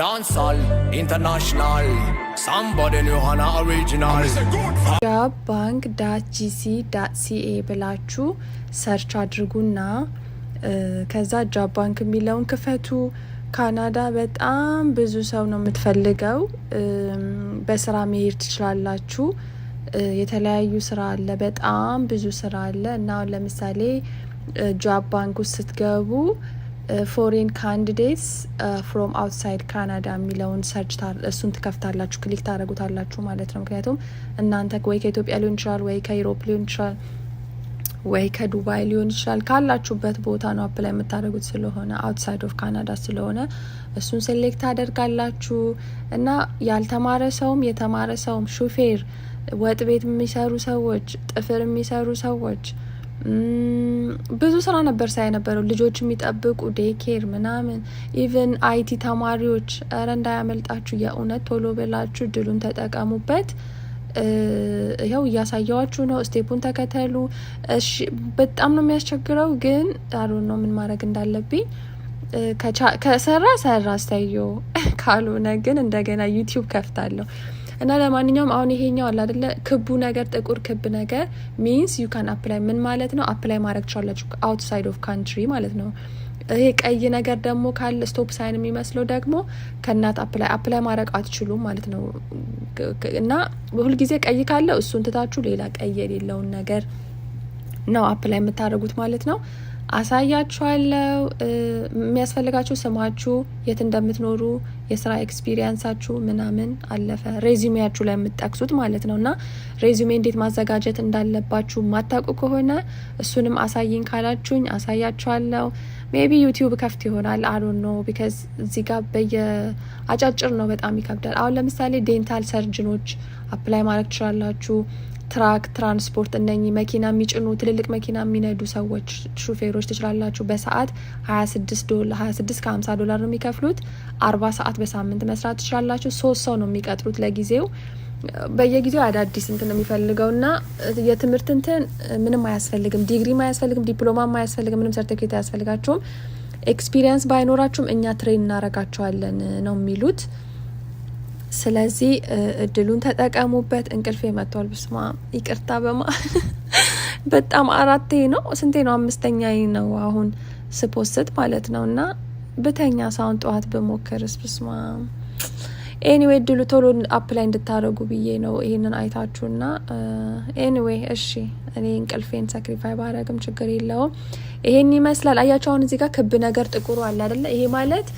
Dancehall international somebody new hana original ጃብ ባንክ ዳት ጂሲ ዳት ብላችሁ ሰርች አድርጉና ከዛ ጃብ ባንክ የሚለውን ክፈቱ። ካናዳ በጣም ብዙ ሰው ነው የምትፈልገው። በስራ መሄድ ትችላላችሁ። የተለያዩ ስራ አለ፣ በጣም ብዙ ስራ አለ እና አሁን ለምሳሌ ጃብ ባንክ ውስጥ ስትገቡ ፎሬን ካንዲዴትስ ፍሮም አውትሳይድ ካናዳ የሚለውን ሰርች እሱን ትከፍታላችሁ፣ ክሊክ ታደረጉታላችሁ ማለት ነው። ምክንያቱም እናንተ ወይ ከኢትዮጵያ ሊሆን ይችላል፣ ወይ ከኢሮፕ ሊሆን ይችላል፣ ወይ ከዱባይ ሊሆን ይችላል። ካላችሁበት ቦታ ነው አፕላይ የምታደረጉት ስለሆነ አውትሳይድ ኦፍ ካናዳ ስለሆነ እሱን ሴሌክት ታደርጋላችሁ እና ያልተማረ ሰውም የተማረ ሰውም ሹፌር፣ ወጥ ቤት የሚሰሩ ሰዎች፣ ጥፍር የሚሰሩ ሰዎች ብዙ ስራ ነበር ሳይ ነበረው ልጆች የሚጠብቁ ዴኬር ምናምን ኢቨን አይቲ ተማሪዎች እረ እንዳያመልጣችሁ የእውነት ቶሎ ብላችሁ ድሉን ተጠቀሙበት ይኸው እያሳየዋችሁ ነው ስቴፑን ተከተሉ እሺ በጣም ነው የሚያስቸግረው ግን አሮ ነው ምን ማድረግ እንዳለብኝ ከሰራ ሰራ አስተየው ካልሆነ ግን እንደገና ዩቲዩብ ከፍታለሁ እና ለማንኛውም አሁን ይሄኛው አለ አይደለ ክቡ ነገር ጥቁር ክብ ነገር ሚንስ ዩ ካን አፕላይ ምን ማለት ነው? አፕላይ ማድረግ ቻላችሁ አውትሳይድ ኦፍ ካንትሪ ማለት ነው። ይሄ ቀይ ነገር ደግሞ ካለ ስቶፕ ሳይን የሚመስለው ደግሞ ከእናት አፕላይ አፕላይ ማድረግ አትችሉም ማለት ነው። እና ሁልጊዜ ቀይ ካለ እሱን ትታችሁ ሌላ ቀይ የሌለውን ነገር ነው አፕላይ የምታደርጉት ማለት ነው። አሳያችኋለው የሚያስፈልጋችሁ ስማችሁ፣ የት እንደምትኖሩ የስራ ኤክስፒሪየንሳችሁ ምናምን አለፈ ሬዚሜያችሁ ላይ የምትጠቅሱት ማለት ነው። እና ሬዚሜ እንዴት ማዘጋጀት እንዳለባችሁ ማታውቁ ከሆነ እሱንም አሳይኝ ካላችሁኝ አሳያችኋለሁ። ሜቢ ዩቲዩብ ከፍት ይሆናል አሉን ነው ቢካዝ እዚህ ጋር በየአጫጭር ነው በጣም ይከብዳል። አሁን ለምሳሌ ዴንታል ሰርጅኖች አፕላይ ማድረግ ትችላላችሁ። ትራክ፣ ትራንስፖርት እነኚህ መኪና የሚጭኑ ትልልቅ መኪና የሚነዱ ሰዎች ሹፌሮች ትችላላችሁ። በሰዓት 26 ከ50 ዶላር ነው የሚከፍሉት። አርባ ሰዓት በሳምንት መስራት ትችላላችሁ። ሶስት ሰው ነው የሚቀጥሩት ለጊዜው በየጊዜው አዳዲስ እንትን ነው የሚፈልገው እና የትምህርት እንትን ምንም አያስፈልግም። ዲግሪም አያስፈልግም፣ ዲፕሎማም አያስፈልግም፣ ምንም ሰርቲፊኬት አያስፈልጋችሁም። ኤክስፒሪየንስ ባይኖራችሁም እኛ ትሬን እናረጋችኋለን ነው የሚሉት። ስለዚህ እድሉን ተጠቀሙበት። እንቅልፌ መጥቷል። ብስማ ይቅርታ በማ በጣም አራቴ ነው ስንቴ ነው አምስተኛ ነው አሁን ስፖስት ማለት ነው እና ብተኛ ሳሁን ጠዋት በሞከርስ ብስማ ኤኒዌይ እድሉ ቶሎ አፕላይ እንድታደረጉ ብዬ ነው ይህንን አይታችሁ አይታችሁና ኤኒዌይ እሺ እኔ እንቅልፌን ሳክሪፋይ ባረግም ችግር የለውም ይሄን ይመስላል አያችሁ አሁን እዚህ ጋር ክብ ነገር ጥቁሩ አለ አደለ ይሄ ማለት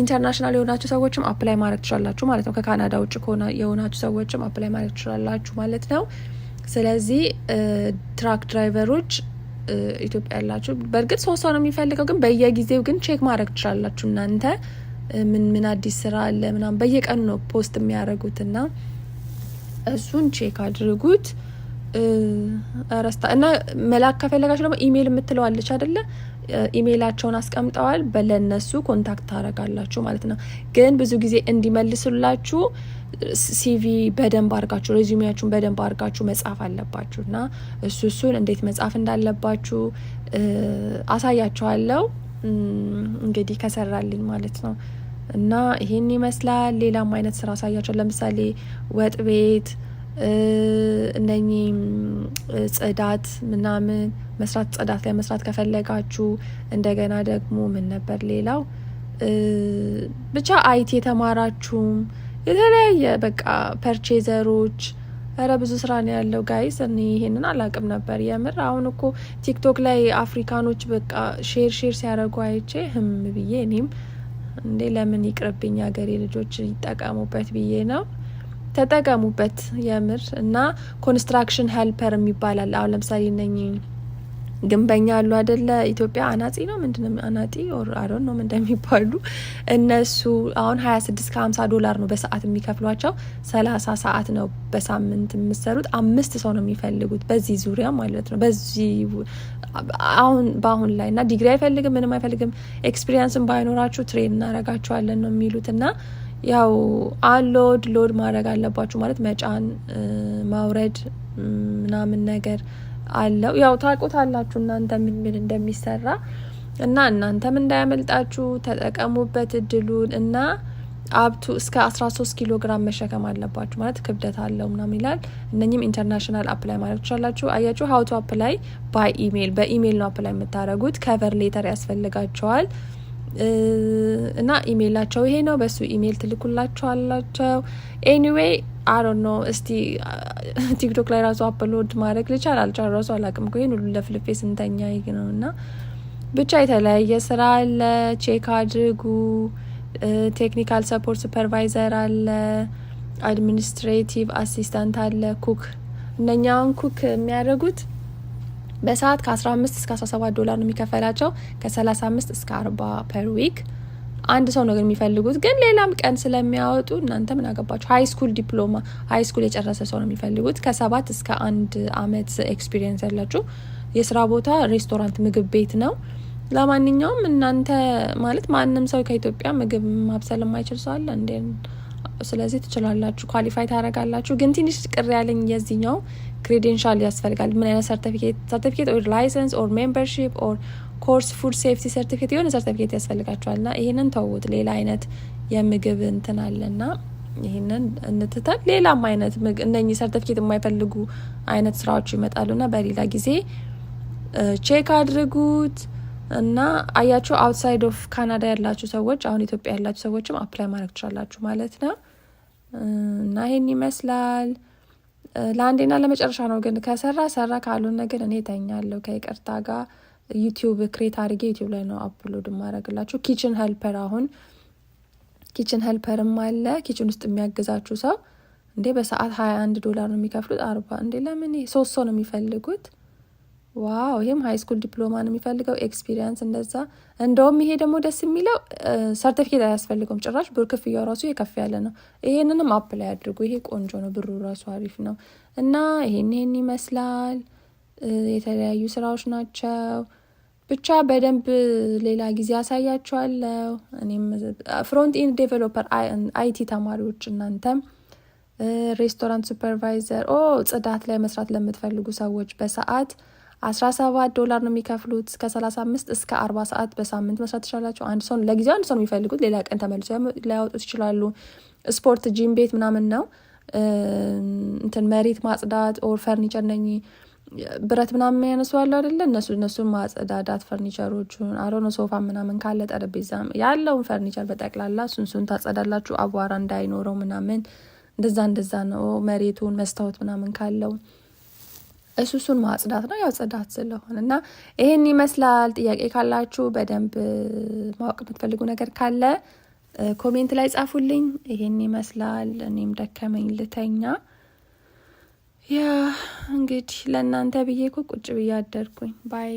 ኢንተርናሽናል የሆናችሁ ሰዎችም አፕላይ ማድረግ ትችላላችሁ ማለት ነው። ከካናዳ ውጭ ከሆነ የሆናችሁ ሰዎችም አፕላይ ማድረግ ትችላላችሁ ማለት ነው። ስለዚህ ትራክ ድራይቨሮች ኢትዮጵያ ያላችሁ፣ በእርግጥ ሶስት ሰው ነው የሚፈልገው፣ ግን በየጊዜው ግን ቼክ ማድረግ ትችላላችሁ እናንተ ምን ምን አዲስ ስራ አለ ምናምን በየቀኑ ነው ፖስት የሚያደርጉትና እሱን ቼክ አድርጉት። ረስታ እና መላክ ከፈለጋችሁ ደግሞ ኢሜይል የምትለው አለች አደለ ኢሜይላቸውን አስቀምጠዋል። በለነሱ ኮንታክት ታደርጋላችሁ ማለት ነው። ግን ብዙ ጊዜ እንዲመልስላችሁ ሲቪ በደንብ አርጋችሁ ሬዚሜያችሁን በደንብ አርጋችሁ መጻፍ አለባችሁ እና እሱ እሱን እንዴት መጻፍ እንዳለባችሁ አሳያችኋለሁ እንግዲህ ከሰራልኝ ማለት ነው። እና ይሄን ይመስላል። ሌላም አይነት ስራ አሳያቸው። ለምሳሌ ወጥ ቤት እነኚህ ጽዳት ምናምን መስራት ጽዳት ላይ መስራት ከፈለጋችሁ እንደገና ደግሞ ምን ነበር ሌላው ብቻ አይቲ የተማራችሁም የተለያየ በቃ ፐርቼዘሮች ረ ብዙ ስራ ነው ያለው ጋይስ። እኔ ይሄንን አላቅም ነበር የምር። አሁን እኮ ቲክቶክ ላይ አፍሪካኖች በቃ ሼር ሼር ሲያደርጉ አይቼ ህም ብዬ እኔም እንዴ ለምን ይቅርብኝ ሀገሬ ልጆች ይጠቀሙበት ብዬ ነው ተጠቀሙበት የምር እና ኮንስትራክሽን ሄልፐር የሚባላል አሁን ለምሳሌ እነኝ ግንበኛ አሉ አይደለ? ኢትዮጵያ አናጺ ነው ምንድ አናጺ ኦር ነው እንደሚባሉ እነሱ አሁን ሀያ ስድስት ከሀምሳ ዶላር ነው በሰዓት የሚከፍሏቸው። ሰላሳ ሰዓት ነው በሳምንት የምሰሩት። አምስት ሰው ነው የሚፈልጉት በዚህ ዙሪያ ማለት ነው። በዚህ አሁን በአሁን ላይ እና ዲግሪ አይፈልግም ምንም አይፈልግም። ኤክስፒሪየንስም ባይኖራችሁ ትሬን እናረጋችኋለን ነው የሚሉት እና ያው አንሎድ ሎድ ማድረግ አለባችሁ ማለት መጫን ማውረድ ምናምን ነገር አለው። ያው ታውቁታላችሁ እናንተ ምን ምን እንደሚሰራ እና እናንተም እንዳያመልጣችሁ ተጠቀሙበት እድሉን እና አብቱ እስከ 13 ኪሎ ግራም መሸከም አለባችሁ ማለት ክብደት አለው ምናምን ይላል። እነኚህም ኢንተርናሽናል አፕላይ ማድረግ ትችላላችሁ። አያችሁ ሀውቱ አፕላይ ባይ ኢሜል በኢሜል ነው አፕላይ የምታደረጉት። ከቨር ሌተር ያስፈልጋቸዋል። እና ኢሜይላቸው ይሄ ነው። በሱ ኢሜይል ትልኩላቸዋላቸው። ኤኒዌይ አሮን ነው። እስቲ ቲክቶክ ላይ ራሱ አፕሎድ ማድረግ ልቻል አልቻል ራሱ አላቅም። ይሄን ሁሉ ለፍልፌ ስንተኛ ይግ ነው እና ብቻ የተለያየ ስራ አለ። ቼክ አድርጉ። ቴክኒካል ሰፖርት ሱፐርቫይዘር አለ፣ አድሚኒስትሬቲቭ አሲስታንት አለ፣ ኩክ እነኛውን ኩክ የሚያደርጉት በሰዓት ከ15 እስከ 17 ዶላር ነው የሚከፈላቸው ከ35 እስከ 40 ፐር ዊክ አንድ ሰው ነው ግን የሚፈልጉት። ግን ሌላም ቀን ስለሚያወጡ እናንተ ምን አገባችሁ? ሀይ ስኩል ዲፕሎማ ሀይ ስኩል የጨረሰ ሰው ነው የሚፈልጉት። ከሰባት እስከ አንድ አመት ኤክስፒሪየንስ ያላችሁ የስራ ቦታ ሬስቶራንት፣ ምግብ ቤት ነው። ለማንኛውም እናንተ ማለት ማንም ሰው ከኢትዮጵያ ምግብ ማብሰል የማይችል ሰው አለ እንዴ? ስለዚህ ትችላላችሁ፣ ኳሊፋይ ታደረጋላችሁ ግን ትንሽ ቅር ያለኝ የዚህኛው ክሬዴንሻል ያስፈልጋል። ምን አይነት ሰርቲፊኬት ሰርቲፊኬት ኦር ላይሰንስ ኦር ሜምበርሺፕ ኦር ኮርስ ፉድ ሴፍቲ ሰርቲፊኬት የሆነ ሰርቲፊኬት ያስፈልጋቸዋል። ና ይህንን ተውት። ሌላ አይነት የምግብ እንትን አለ ና ይህንን እንትተን ሌላም አይነት እነኚህ ሰርቲፊኬት የማይፈልጉ አይነት ስራዎች ይመጣሉ። ና በሌላ ጊዜ ቼክ አድርጉት እና አያችሁ፣ አውትሳይድ ኦፍ ካናዳ ያላችሁ ሰዎች አሁን ኢትዮጵያ ያላችሁ ሰዎችም አፕላይ ማድረግ ትችላላችሁ ማለት ነው እና ይህን ይመስላል። ለአንዴና ለመጨረሻ ነው። ግን ከሰራ ሰራ፣ ካልሆነ ግን እኔ ተኛለሁ። ከይቅርታ ጋር ዩቲዩብ ክሬት አድርጌ ዩቲዩብ ላይ ነው አፕሎድ ማድረግላችሁ። ኪችን ሄልፐር አሁን ኪችን ሄልፐርም አለ። ኪችን ውስጥ የሚያግዛችሁ ሰው እንዴ በሰዓት ሀያ አንድ ዶላር ነው የሚከፍሉት። አርባ እንዴ ለምን ሶስት ሰው ነው የሚፈልጉት? ዋው ይህም ሀይ ስኩል ዲፕሎማ ነው የሚፈልገው፣ ኤክስፒሪየንስ እንደዛ። እንደውም ይሄ ደግሞ ደስ የሚለው ሰርቲፊኬት አያስፈልገውም ጭራሽ፣ ብር ክፍያው ራሱ የከፍ ያለ ነው። ይሄንንም አፕ ላይ አድርጉ፣ ይሄ ቆንጆ ነው፣ ብሩ ራሱ አሪፍ ነው እና ይሄን ይሄን ይመስላል። የተለያዩ ስራዎች ናቸው። ብቻ በደንብ ሌላ ጊዜ አሳያችኋለሁ። እኔም ፍሮንት ኢንድ ዴቨሎፐር አይቲ ተማሪዎች እናንተም ሬስቶራንት ሱፐርቫይዘር ኦ ጽዳት ላይ መስራት ለምትፈልጉ ሰዎች በሰዓት 17 ዶላር ነው የሚከፍሉት። ከ35 እስከ 40 ሰዓት በሳምንት መስራት ትችላላችሁ። አንድ ሰው ለጊዜው አንድ ሰው ነው የሚፈልጉት፣ ሌላ ቀን ተመልሶ ሊያወጡት ይችላሉ። ስፖርት ጂም፣ ቤት ምናምን ነው እንትን መሬት ማጽዳት ኦር ፈርኒቸር ነኝ ብረት ምናምን ያነሱ አለ አደለ? እነሱ እነሱን ማጸዳዳት ፈርኒቸሮቹን አሮነ ሶፋ ምናምን ካለ ጠረጴዛ ያለውን ፈርኒቸር በጠቅላላ ሱንሱን ታጸዳላችሁ፣ አቧራ እንዳይኖረው ምናምን እንደዛ እንደዛ ነው። መሬቱን መስታወት ምናምን ካለው እሱሱን ማጽዳት ነው። ያው ጽዳት ስለሆነ እና ይሄን ይመስላል። ጥያቄ ካላችሁ በደንብ ማወቅ የምትፈልጉ ነገር ካለ ኮሜንት ላይ ጻፉልኝ። ይሄን ይመስላል። እኔም ደከመኝ ልተኛ። ያ እንግዲህ ለእናንተ ብዬ እኮ ቁጭ ብዬ አደርኩኝ ባይ